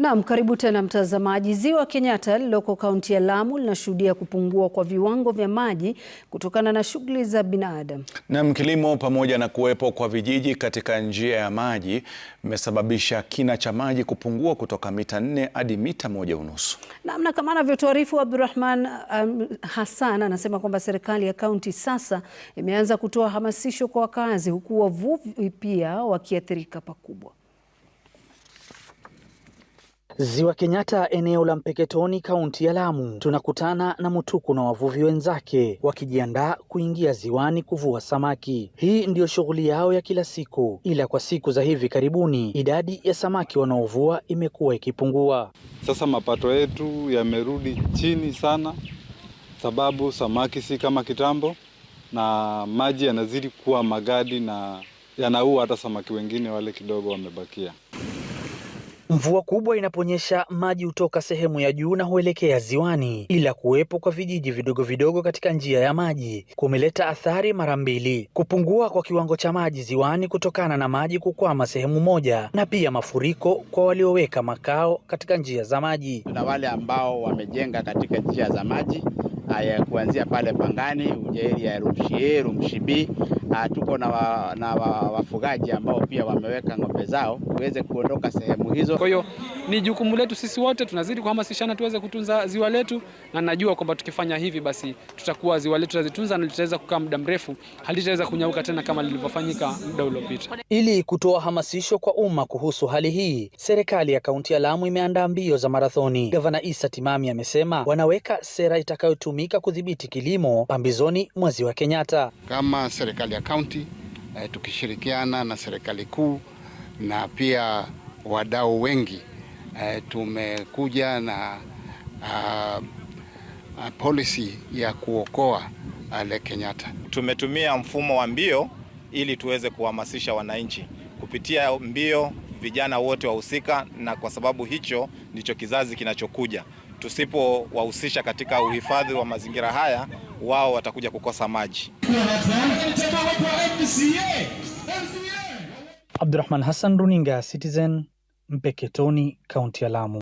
Naam, karibu tena mtazamaji. Ziwa Kenyatta lililoko kaunti ya Lamu linashuhudia kupungua kwa viwango vya maji kutokana na shughuli za binadamu. Naam, kilimo pamoja na kuwepo kwa vijiji katika njia ya maji imesababisha kina cha maji kupungua kutoka mita nne hadi mita moja unusu. Naam, na kama anavyotuarifu Abdurahman um, Hassan anasema kwamba serikali ya kaunti sasa imeanza kutoa hamasisho kwa wakazi, huku wavuvi pia wakiathirika pakubwa. Ziwa Kenyatta, eneo la Mpeketoni, kaunti ya Lamu, tunakutana na Mutuku na wavuvi wenzake wakijiandaa kuingia ziwani kuvua samaki. Hii ndiyo shughuli yao ya kila siku, ila kwa siku za hivi karibuni idadi ya samaki wanaovua imekuwa ikipungua. Sasa mapato yetu yamerudi chini sana, sababu samaki si kama kitambo, na maji yanazidi kuwa magadi na yanaua hata samaki wengine wale kidogo wamebakia. Mvua kubwa inaponyesha maji hutoka sehemu ya juu na huelekea ziwani, ila kuwepo kwa vijiji vidogo vidogo katika njia ya maji kumeleta athari mara mbili: kupungua kwa kiwango cha maji ziwani kutokana na maji kukwama sehemu moja, na pia mafuriko kwa walioweka makao katika njia za maji. Tuna wale ambao wamejenga katika njia za maji haya kuanzia pale Pangani, Ujeri ya Mshibi uh, tuko na, wa, na wa, wafugaji ambao pia wameweka ng'ombe zao tuweze kuondoka sehemu hizo. Kwa hiyo ni jukumu letu sisi wote, tunazidi kuhamasishana tuweze kutunza ziwa letu, na najua kwamba tukifanya hivi, basi tutakuwa ziwa letu tutazitunza na litaweza kukaa muda mrefu, halitaweza kunyauka tena kama lilivyofanyika muda uliopita. Ili kutoa hamasisho kwa umma kuhusu hali hii, serikali ya kaunti ya Lamu imeandaa mbio za marathoni. Gavana Isa Timami amesema wanaweka sera itakayotumika kudhibiti kilimo pambizoni mwa ziwa Kenyatta. Kama serikali kaunti eh, tukishirikiana na serikali kuu na pia wadau wengi eh, tumekuja na uh, uh, policy ya kuokoa uh, Kenyatta. Tumetumia mfumo wa mbio ili tuweze kuhamasisha wananchi kupitia mbio, vijana wote wahusika, na kwa sababu hicho ndicho kizazi kinachokuja. Tusipowahusisha katika uhifadhi wa mazingira haya wao watakuja kukosa maji. Abdurahman Hassan, runinga ya Citizen, Mpeketoni, kaunti ya Lamu.